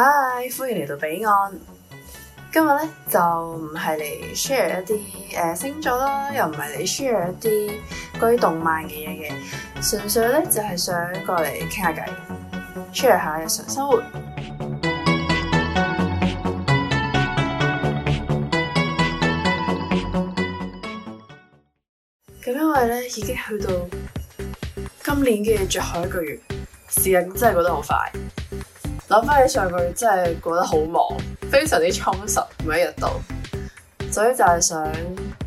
嗨，Hi，歡迎嚟到彼岸。今日咧就唔係嚟 share 一啲誒、呃、星座咯，又唔係嚟 share 一啲關於動漫嘅嘢嘅，純粹咧就係、是、想過嚟傾下偈，share 下日常生活。咁因為咧已經去到今年嘅最後一個月，時間真係過得好快。諗翻起上個月真係過得好忙，非常之充實，每一日都，所以就係想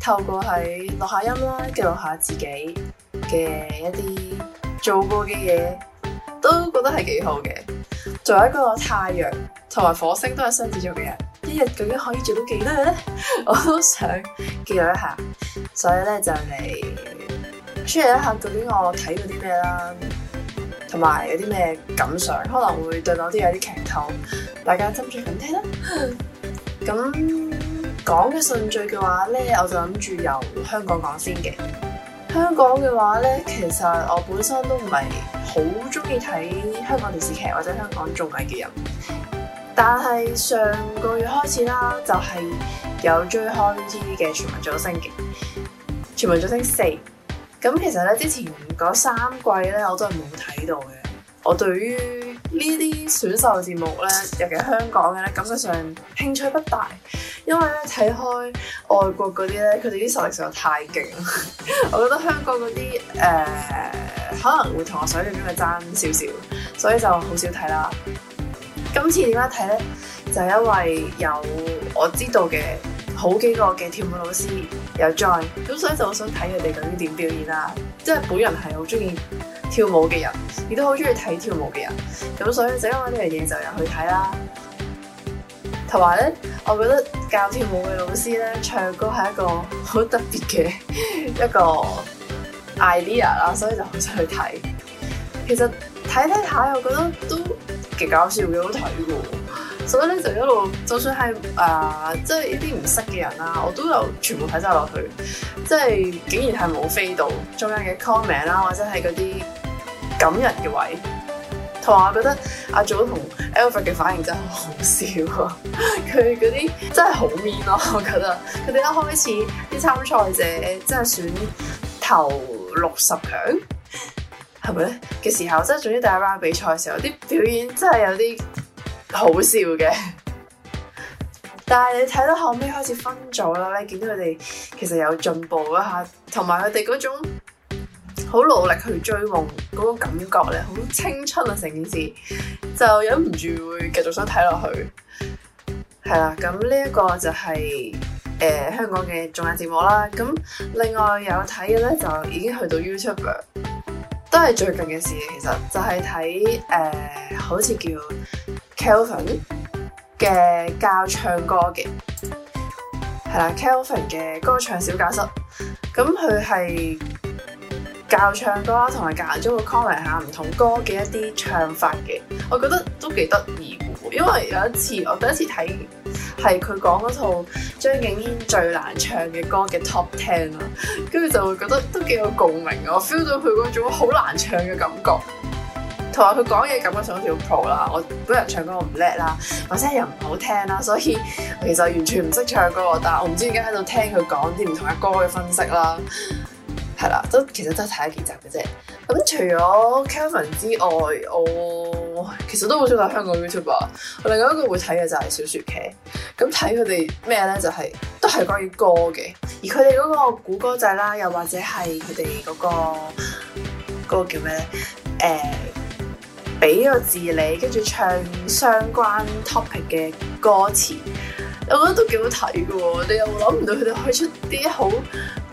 透過喺錄下音啦，記錄下自己嘅一啲做過嘅嘢，都覺得係幾好嘅。作為一個太陽同埋火星都係雙子座嘅人，一日究竟可以做到幾多日呢？我都想記錄一下，所以咧就嚟 share 一下究竟我睇過啲咩啦。同埋有啲咩感想，可能會對我啲有啲劇透，大家斟酌緊聽啦。咁 講嘅順序嘅話呢，我就諗住由香港講先嘅。香港嘅話呢，其實我本身都唔係好中意睇香港電視劇或者香港綜藝嘅人，但係上個月開始啦，就係、是、有追開 TV 嘅全民造星嘅，全民造星四。咁其實咧，之前嗰三季咧，我都係冇睇到嘅。我對於呢啲選秀節目咧，尤其係香港嘅咧，感覺上興趣不大，因為咧睇開外國嗰啲咧，佢哋啲實力實在太勁。 我覺得香港嗰啲誒可能會同我想象中嘅差少少，所以就好少睇啦。今次點解睇咧？就係因為有我知道嘅。好幾個嘅跳舞老師有 join，咁所以就好想睇佢哋究竟點表演啦。即係本人係好中意跳舞嘅人，亦都好中意睇跳舞嘅人，咁所以整下呢樣嘢就入去睇啦。同埋咧，我覺得教跳舞嘅老師咧唱歌係一個好特別嘅一個 idea 啦，所以就好想去睇。其實睇睇下，我覺得都幾搞笑，幾好睇嘅。所以咧就一路，就算係啊，即係呢啲唔識嘅人啦，我都有全部睇晒落去，即係竟然係冇飛到中央嘅 comment 啦，comment，或者係嗰啲感人嘅位。同埋我覺得阿祖同 Albert 嘅反應真係好笑啊！佢嗰啲真係好 mean 咯，我覺得佢哋一開始啲參賽者即係選頭六十強係咪咧嘅時候，即係總之第一 round 比賽嘅時候，啲表演真係有啲～好笑嘅， 但係你睇到後尾開始分組啦咧，見到佢哋其實有進步啦吓，同埋佢哋嗰種好努力去追夢嗰個感覺咧，好青春啊！成件事就忍唔住會繼續想睇落去，係啦。咁呢一個就係、是、誒、呃、香港嘅綜藝節目啦。咁另外有睇嘅咧就已經去到 YouTube，都係最近嘅事。其實就係睇誒，好似叫。Kelvin 嘅教唱歌嘅，係啦 Kelvin 嘅歌唱小教室，咁佢係教唱歌啦，同埋教人中嘅 c o n l 下唔同歌嘅一啲唱法嘅，我覺得都幾得意喎，因為有一次我第一次睇係佢講嗰套張敬軒最難唱嘅歌嘅 top ten 啦，跟住就會覺得都幾有共鳴，我 feel 到佢嗰種好難唱嘅感覺。同埋佢講嘢感覺上都 pro 啦，我本人唱歌我唔叻啦，或者又唔好聽啦，所以其實我完全唔識唱歌，但係我唔知點解喺度聽佢講啲唔同嘅歌嘅分析啦，係啦，都其實都係睇幾集嘅啫。咁除咗 Kevin 之外，我其實都好中意香港 YouTuber。我另外一個會睇嘅就係小説劇，咁睇佢哋咩咧？就係、是、都係關於歌嘅，而佢哋嗰個古歌仔啦，又或者係佢哋嗰個嗰、嗰個叫咩咧？誒、欸。俾個字你，跟住唱相關 topic 嘅歌詞，我覺得都幾好睇㗎。你又諗唔到佢哋可以出啲好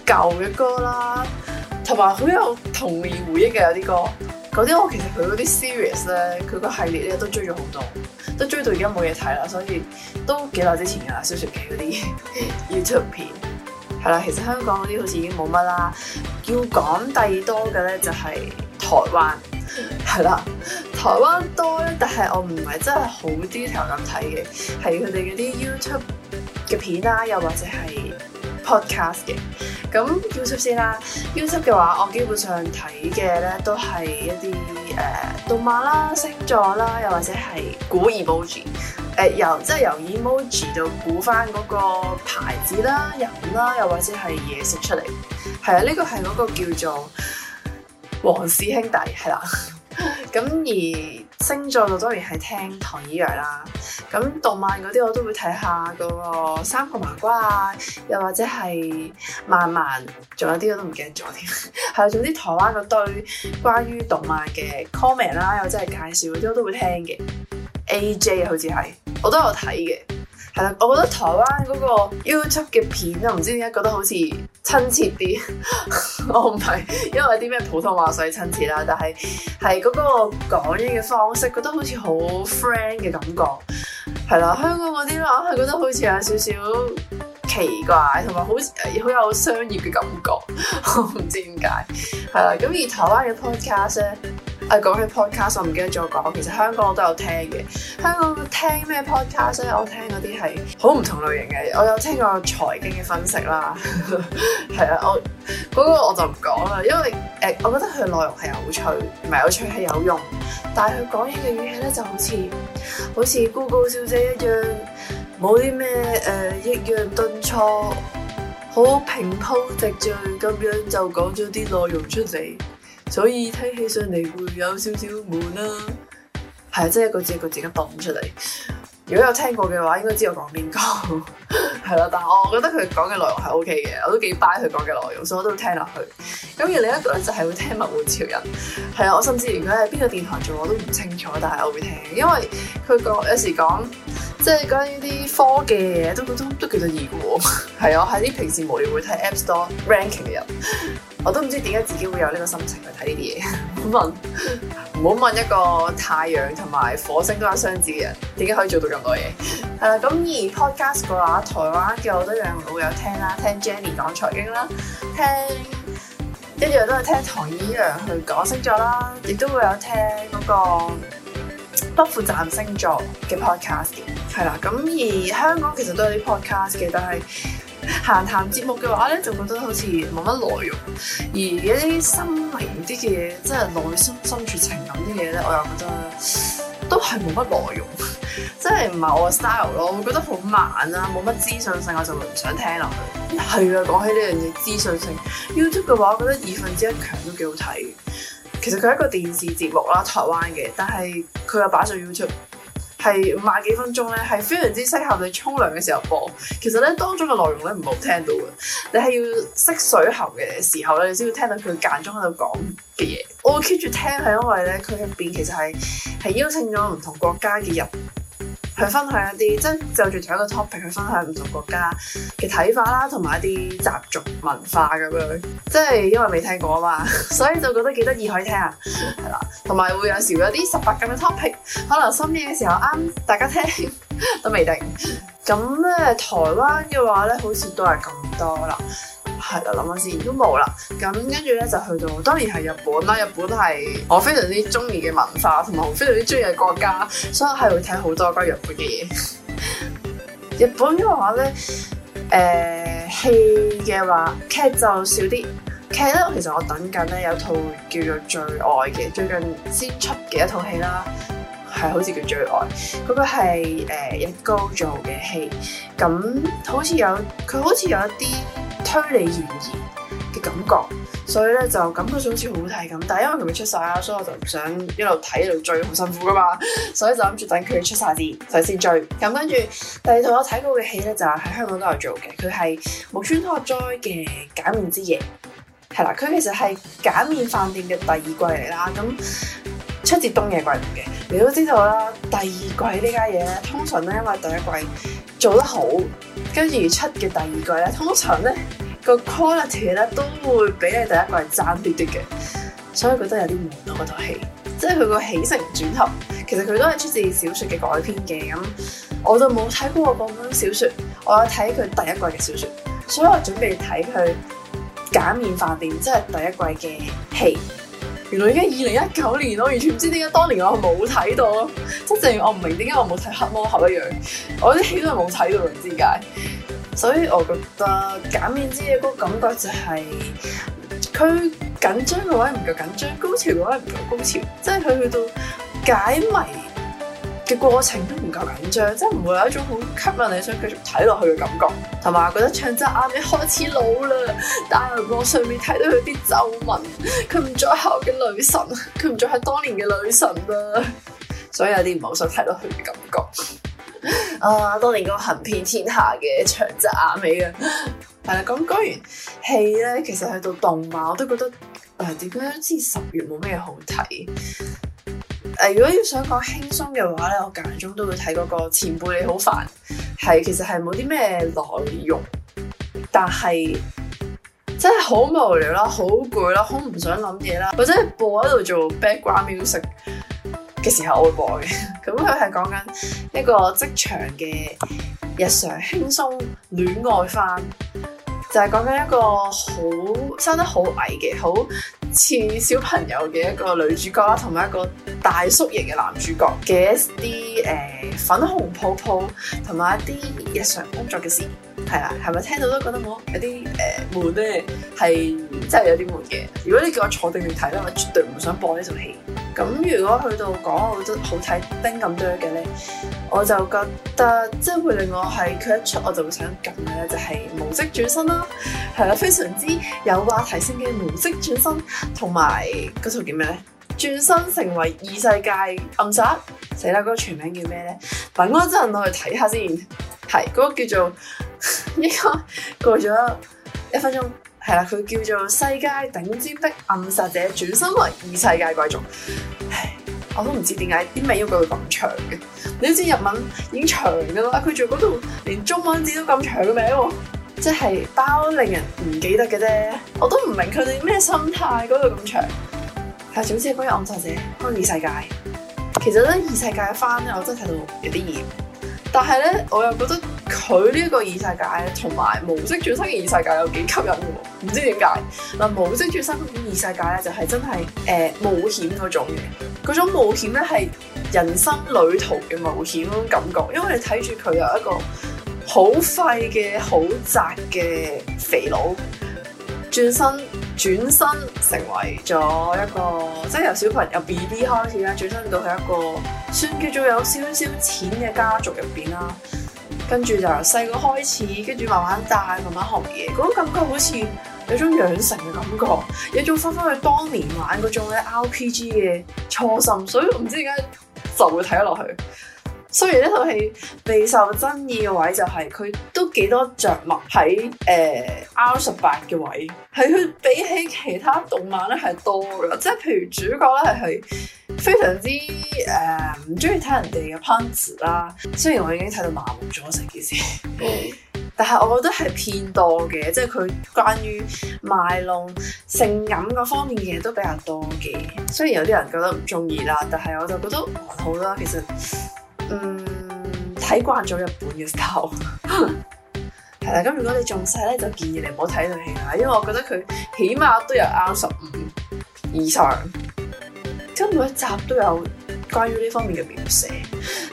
舊嘅歌啦，有有同埋好有童年回憶嘅有啲歌。嗰啲我其實佢嗰啲 series 咧，佢個系列咧都追咗好多，都追到而家冇嘢睇啦。所以都幾耐之前嘅啦，小説劇嗰啲 YouTube 片，係啦。其實香港嗰啲好似已經冇乜啦。要講第二多嘅咧，就係台灣，係啦。台灣多，但係我唔係真係好 detail 咁睇嘅，係佢哋嗰啲 YouTube 嘅片啦，又或者係 Podcast 嘅。咁 YouTube 先啦，YouTube 嘅話，我基本上睇嘅咧都係一啲誒、呃、動漫啦、星座啦，又或者係估 emoji。誒、呃、由即係、就是、由 emoji 度估返嗰個牌子啦、人啦，又或者係嘢食出嚟。係啊，呢、這個係嗰個叫做黃氏兄弟，係啦。咁而星座就當然係聽唐綺陽啦。咁動漫嗰啲我都會睇下嗰個《三個麻瓜》啊，又或者係漫漫，仲有啲我都唔記得咗添。係啊，總之台灣嗰堆關於動漫嘅 comment 啦，又或者係介紹嗰啲我都會聽嘅。AJ 啊，好似係，我都有睇嘅。係啦，我覺得台灣嗰個 YouTube 嘅片啊，唔知點解覺得好似親切啲。 我唔係因為啲咩普通話所以親切啦，但係係嗰個講嘢嘅方式，覺得好似好 friend 嘅感覺。係啦，香港嗰啲咧，我係覺得好似有少少奇怪，同埋好似好有商業嘅感覺。 我唔知點解。係啦，咁而台灣嘅 Podcast 咧。誒、啊、講起 podcast，我唔記得咗講。其實香港我都有聽嘅，香港聽咩 podcast 咧？我聽嗰啲係好唔同類型嘅。我有聽過有財經嘅分析啦，係啊，我嗰、那個我就唔講啦，因為誒、呃，我覺得佢內容係有趣，唔係有趣係有用。但係佢講嘢嘅語氣咧，就好似好似 Google 小姐一樣，冇啲咩誒抑揚頓挫，好平鋪直敍咁樣就講咗啲內容出嚟。所以聽起上嚟會有少少悶啦，係啊，係一，一個字一個字咁讀出嚟。如果有聽過嘅話，應該知道我講邊個。 係啦， 但係我覺得佢講嘅內容係 O K 嘅，我都幾 buy 佢講嘅內容，所以我都會聽落去。咁而另一個咧就係、是、會聽物換朝人，係啊，我甚至於佢喺邊個電台做我都唔清楚，但係我會聽，因為佢講有時講即係講呢啲科技嘢都都都叫做熱喎。係 啊，我係啲平時無聊會睇 App Store ranking 嘅人，我都唔知點解自己會有呢個心情去睇呢啲嘢。 問，唔好問一個太陽同埋火星都有雙子嘅人，點解可以做到咁多嘢？係啦，咁而 podcast 嘅話，台灣嘅我都有老有聽啦，聽 Jenny 講財經啦，聽，跟住都係聽唐以陽去講星座、那個、星座啦，亦都會有聽嗰個不負責星座嘅 podcast，嘅。係啦，咁而香港其實都有啲 podcast 嘅，但係閒談節目嘅話咧，就覺得好似冇乜內容，而一啲心靈啲嘅嘢，即係內心深處情感啲嘢咧，我又覺得都係冇乜內容。真係唔係我 style 咯，我覺得好慢啊，冇乜資訊性，我就唔想聽落去。係啊，講起呢樣嘢資訊性，YouTube 嘅話，我覺得二分之一強都幾好睇。其實佢係一個電視節目啦，台灣嘅，但係佢又擺上 YouTube，係五十幾分鐘咧，係非常之適合你沖涼嘅時候播。其實咧，當中嘅內容咧唔好聽到嘅，你係要識水喉嘅時候咧，你先會聽到佢間中喺度講嘅嘢。我會 keep 住聽係因為咧，佢入邊其實係係邀請咗唔同國家嘅人。去分享一啲， 即係就住同一個 topic 去分享唔同國家嘅睇法啦，同埋一啲習俗文化咁樣。 即係因為未聽過嘛， 所以就覺得幾得意可以聽下，係啦。同 埋樂會有時會有啲十八禁嘅 topic，可能深夜嘅時候啱大家聽 都未定。咁咧，台灣嘅話咧，好似都係咁多啦。係啦，諗下先都冇啦。咁跟住咧就去到當然係日本啦。日本係我非常之中意嘅文化，同埋我非常之中意嘅國家，所以係會睇好多關於日本嘅嘢。 日本嘅話咧，誒、呃，戲嘅話，劇就少啲。劇咧，其實我等緊咧有套叫做《最愛》嘅，最近先出嘅一套戲啦，係好似叫《最愛》，佢個係誒日高做嘅戲，咁好似有佢好似有一啲。推理懸疑嘅感覺，所以咧就感覺上好似好睇咁，但係因為佢未出晒啦，所以我就唔想一路睇一路追，好辛苦噶嘛，所以就諗住等佢出晒啲，就先追。咁跟住第二套我睇過嘅戲咧，就喺香港都有做嘅，佢係木村拓哉嘅《假面之夜》，係啦，佢其實係《假面飯店》嘅第二季嚟啦，咁出自東野圭吾嘅。你都知道啦，第二季家呢家嘢咧，通常咧因為第一季做得好。跟住出嘅第二季咧，通常咧個 quality 咧都會比你第一季係爭啲啲嘅，所以覺得有啲悶咯嗰套戲。即係佢個起承轉合，其實佢都係出自小説嘅改編嘅，咁我就冇睇過嗰本小説，我有睇佢第一季嘅小説，所以我準備睇佢假面飯店，即係第一季嘅戲。原來已經二零一九年咯，完全唔知點解當年我冇睇到，即係正如我唔明點解我冇睇《黑魔俠》一樣，我啲戲都係冇睇到唔知解。所以我覺得簡面之嘅嗰個感覺就係佢緊張嘅話唔夠緊張，高潮嘅話唔夠高潮，即係佢去到解謎。嘅過程都唔夠緊張，即係唔會有一種好吸引你想繼續睇落去嘅感覺，同埋覺得長澤雅美開始老啦，但係我上面睇到佢啲皺紋，佢唔再係我嘅女神，佢唔再係當年嘅女神啦，所以有啲唔係好想睇落去嘅感覺。 啊，當年嗰個行遍天下嘅長澤雅美啊，係 啦，咁講完戲咧，其實去到動漫我都覺得，誒，點解先十月冇咩好睇？誒，如果要想講輕鬆嘅話咧，我間中都會睇嗰個前輩你好煩。係其實係冇啲咩內容，但係真係好無聊啦，好攰啦，好唔想諗嘢啦，或者係播喺度做 background music 嘅時候我會播嘅。咁佢係講緊一個職場嘅日常，輕鬆戀愛番，就係講緊一個好生得好矮嘅好似小朋友嘅一個女主角啦，同埋一個大叔型嘅男主角嘅一啲誒粉紅泡泡，同埋一啲日常工作嘅事。係啦，係咪聽到都覺得冇？有啲誒、呃、悶咧？係真係有啲悶嘅。如果你叫我坐定定睇咧，我絕對唔想播呢套戲。咁如果去到講我覺得好睇，叮咁多嘅咧，我就覺得即係會令我係佢一出我就會想撳嘅咧，就係、是、模式轉身啦，係啦，非常之有話題性嘅模式轉身，同埋嗰套叫咩咧？轉身成為異世界暗殺，死啦！嗰、那個全名叫咩咧？等我陣我去睇下先，係嗰、那個叫做。應該過咗一分鐘，係啦，佢叫做《世界頂尖的暗殺者》，轉生為異世界貴族。唉，我都唔知點解啲名要佢咁長嘅。你都知日文已經長噶啦，佢做嗰度連中文字都咁長嘅名，哦，即係包令人唔記得嘅啫。我都唔明佢哋咩心態，嗰度咁長。但係總之係關於暗殺者，關於異世界。其實咧，異世界番咧，我真係睇到有啲厭，但係咧，我又覺得。佢呢一個異世界同埋無職轉生嘅異世界有幾吸引嘅喎？唔知點解嗱，無職轉生嗰邊異世界咧，就係真係誒冒險嗰種嘢，嗰種冒險咧係人生旅途嘅冒險嗰種感覺，因為你睇住佢有一個好廢嘅好宅嘅肥佬轉生轉生成為咗一個，即係由小朋友 BB 開始啦，轉生到係一個算叫做有少少錢嘅家族入邊啦。跟住就由細個開始，跟住慢慢帶，慢慢學嘢，嗰種感覺好似有種養成嘅感覺，有種翻翻去當年玩嗰種嘅 RPG 嘅錯心，所以我唔知點解就會睇落去。雖然呢套戲備受爭議嘅位就係佢都幾多着墨喺，誒 R 十八嘅位，係佢比起其他動漫呢係多嘅，即係譬如主角呢係。非常之誒唔中意睇人哋嘅パンチ啦，雖然我已經睇到麻木咗成件事，mm. 但係我覺得係偏多嘅，即係佢關於賣弄性感嗰方面嘅嘢都比較多嘅。雖然有啲人覺得唔中意啦，但係我就覺得好啦。其實，嗯，睇慣咗日本嘅 style 係啦。咁 如果你仲細咧，就建議你唔好睇呢套戲啦，因為我覺得佢起碼都有啱十五以上。跟每一集都有關於呢方面嘅描寫，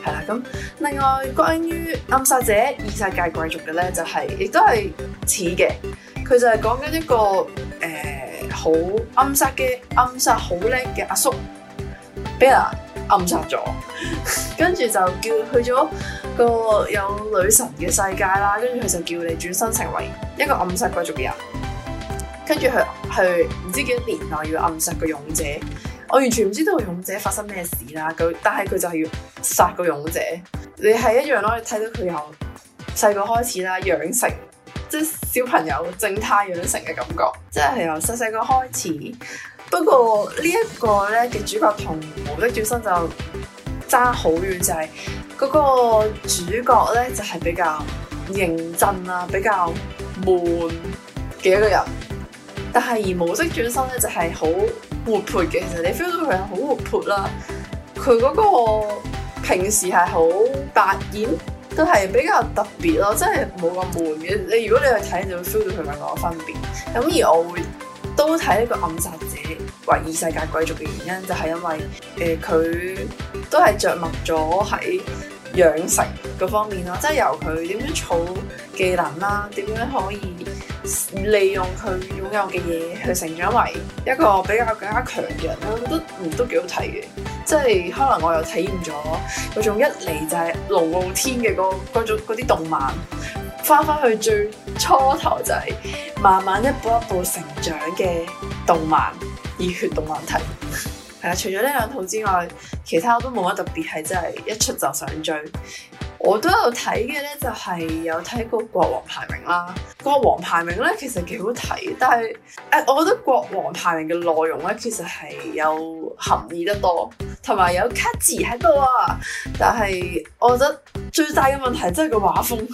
係啦。咁另外關於暗殺者二世界貴族嘅咧，就係、是、亦都係似嘅，佢就係講緊一個誒、呃、好暗殺嘅暗殺好叻嘅阿叔俾人暗殺咗，跟 住就叫去咗個有女神嘅世界啦，跟住佢就叫你轉身成為一個暗殺貴族嘅人，跟住佢，去唔知幾多年內要暗殺個勇者。我完全唔知道勇者發生咩事啦，佢但係佢就係要殺個勇者，你係一樣咯，你睇到佢由細個開始啦，養成即係小朋友正太養成嘅感覺，即係由細細個開始。不過呢一個咧嘅主角同無職轉生就差好遠，就係、是、嗰個主角咧就係、是、比較認真啦，比較悶嘅一個人。但係而無職轉生咧就係好活潑嘅，其實你 feel 到佢係好活潑啦。佢嗰個平時係好百厭，都係比較特別咯，即係冇咁悶嘅。你如果你去睇，就會 feel 到佢兩個分別。咁而我會都睇一個暗殺者為異世界貴族嘅原因，就係、是、因為誒佢、呃、都係着墨咗喺養成嗰方面咯，即係由佢點樣儲技能啦，點樣可以，利用佢擁有嘅嘢去成長為一個比較更加強人，我覺得嗯都幾好睇嘅。即係可能我又體驗咗嗰種一嚟就係龍傲天嘅嗰種啲動漫，翻翻去最初頭就係、是、慢慢一步一步成長嘅動漫熱血動漫題。係啊，除咗呢兩套之外，其他我都冇乜特別係真係一出就想追。我都有睇嘅咧，就係有睇過《國王排名》啦。《國王排名》咧其實幾好睇，但係誒，我覺得《國王排名》嘅內容咧其實係有含義得多，同埋有，有卡字喺度啊。但係我覺得最大嘅問題真係個畫風，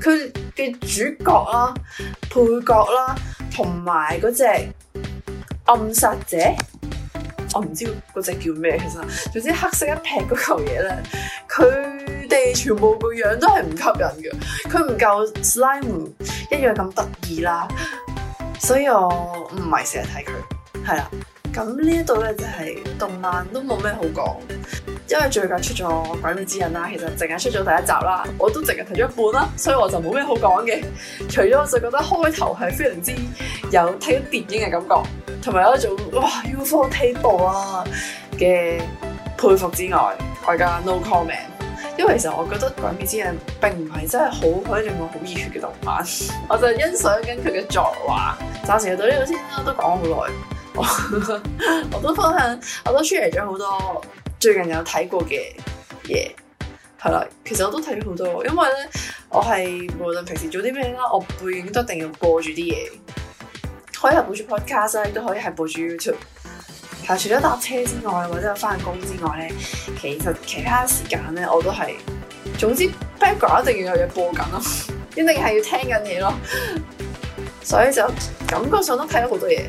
佢 嘅主角啦、配角啦，同埋嗰隻暗殺者，我唔知嗰隻叫咩，其實，總之黑色一撇嗰嚿嘢咧，佢。佢哋全部個樣都係唔吸引嘅，佢唔夠 slime 一樣咁得意啦，所以我唔係成日睇佢，係啦。咁呢一度咧就係動漫都冇咩好講，因為最近出咗《鬼滅之刃》啦，其實淨係出咗第一集啦，我都淨係睇咗一半啦，所以我就冇咩好講嘅。除咗我就覺得開頭係非常之有睇電影嘅感覺，同埋有一種哇 UFO table 啊嘅佩服之外，大家 no comment。因為其實我覺得《鬼滅之刃》並唔係真係好可以令我好熱血嘅動漫， 我就欣賞緊佢嘅作畫。暫時到呢度先啦，都講好耐，我， 我都分享，我都 share 咗好多最近有睇過嘅嘢，係啦。其實我都睇咗好多，因為咧我係無論平時做啲咩啦，我背景都一定要播住啲嘢，可以係播住 Podcast 都可以係播住 YouTube。但除咗搭車之外，或者我翻工之外咧，其實其他時間咧我都係，總之 background 一定要有嘢播緊咯， 一定係要聽緊嘢咯， 所以就感覺上都睇咗好多嘢。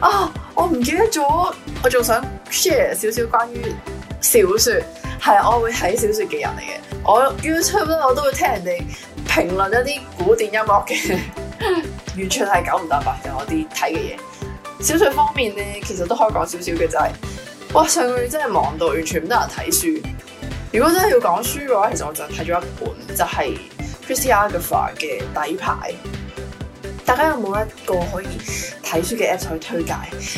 啊，我唔記得咗，我仲想 share 少少關於小説，係我會睇小説嘅人嚟嘅。我 YouTube 咧我都會聽人哋評論一啲古典音樂嘅， 完全係九唔搭八嘅我啲睇嘅嘢。小說方面咧，其實都可以講少少嘅就係，哇，上個月真係忙到完全唔得閒睇書。如果真係要講書嘅話，其實我就睇咗一本就係《Christie Agatha》嘅底牌。大家有冇一個可以睇書嘅 Apps 去推介？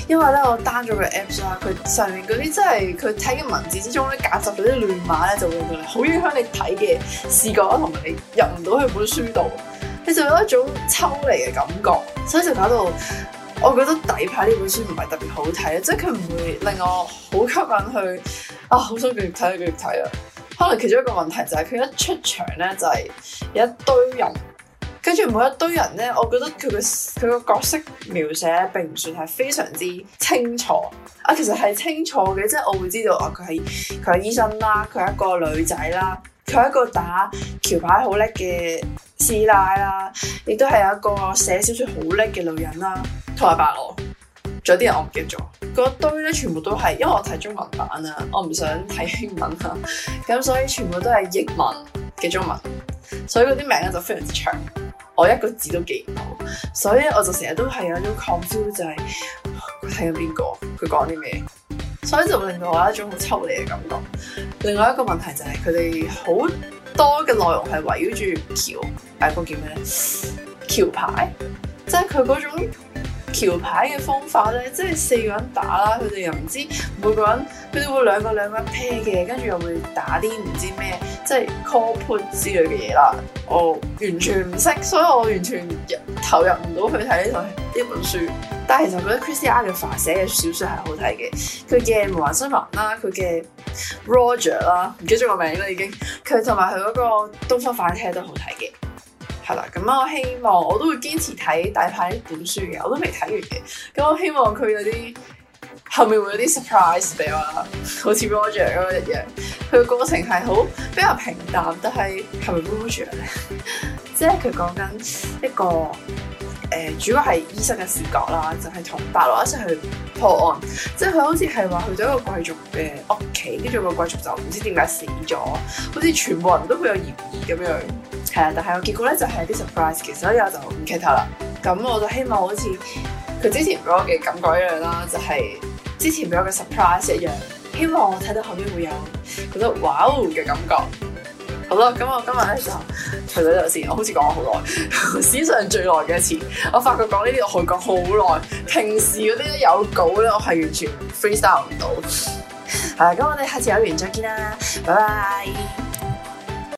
因為咧我 down 咗個 Apps 啦，佢上面嗰啲真係佢睇嘅文字之中咧夾雜嗰啲亂碼咧，就會好影響你睇嘅視覺同埋你入唔到去本書度，你就有一種抽離嘅感覺，所以就搞到。我覺得底牌呢本書唔係特別好睇啊，即係佢唔會令我好吸引去啊，好想繼續睇啊，繼續睇啊。可能其中一個問題就係佢一出場咧就係有一堆人，跟住每一堆人咧，我覺得佢個佢個角色描寫並唔算係非常之清楚啊。其實係清楚嘅，即係我會知道啊，佢係佢係醫生啦，佢係一個女仔啦，佢係一個打橋牌好叻嘅師奶啦，亦都係一個寫小説好叻嘅女人啦。同埋白俄，仲有啲人我唔記得咗。嗰、那個、堆咧全部都係，因為我睇中文版文啊，我唔想睇英文啊，咁所以全部都係譯文嘅中文，所以嗰啲名咧就非常之長，我一個字都記唔到，所以我就成日都係有一種抗招、就是，就係佢睇緊邊個佢講啲咩，所以就會令到我一種好抽離嘅感覺。另外一個問題就係佢哋好多嘅內容係圍繞住橋，誒嗰個叫咩咧？橋牌，即係佢嗰種。橋牌嘅方法咧，即係四個人打啦，佢哋又唔知每個人，佢哋會兩個兩個 pair 嘅，跟住又會打啲唔知咩，即係 call put 之類嘅嘢啦。我、oh，完全唔識，所以我完全入投入唔到去睇呢套呢本書。但係其實我覺得 Christie 寫嘅小說係好睇嘅，佢嘅《無環新林》啦，佢嘅 Roger 啦，唔記得咗個名啦已經，佢同埋佢嗰個《東方快車》都好睇嘅。係啦，咁、嗯、我希望我都會堅持睇大牌呢本書嘅，我都未睇完嘅。咁我希望佢有啲後面會有啲 surprise 俾我，好似 Roger 咁一樣。佢個過程係好比較平淡，但係係咪 Roger 咧？ 即係佢講緊一個。誒主要係醫生嘅視角啦，就係同白洛一齊去破案，即係佢好似係話去咗一個貴族嘅屋企，跟住個貴族就唔知點解死咗，好似全部人都會有嫌疑咁樣。係啊，但係個結果咧就係啲 surprise，其實所以我就唔劇透啦。咁我就希望好似佢之前俾我嘅感覺一樣啦，就係、係、之前俾我嘅 surprise 一樣，希望我睇到後邊會有覺得 w、wow、嘅感覺。好啦，咁我今日咧就除咗呢度先，我好似講咗好耐， 史上最耐嘅一次。我發覺講呢啲我可以講好耐，平時嗰啲有稿咧，我係完全 freestyle 唔到。係、 啊，咁我哋下次有緣再見啦，拜拜。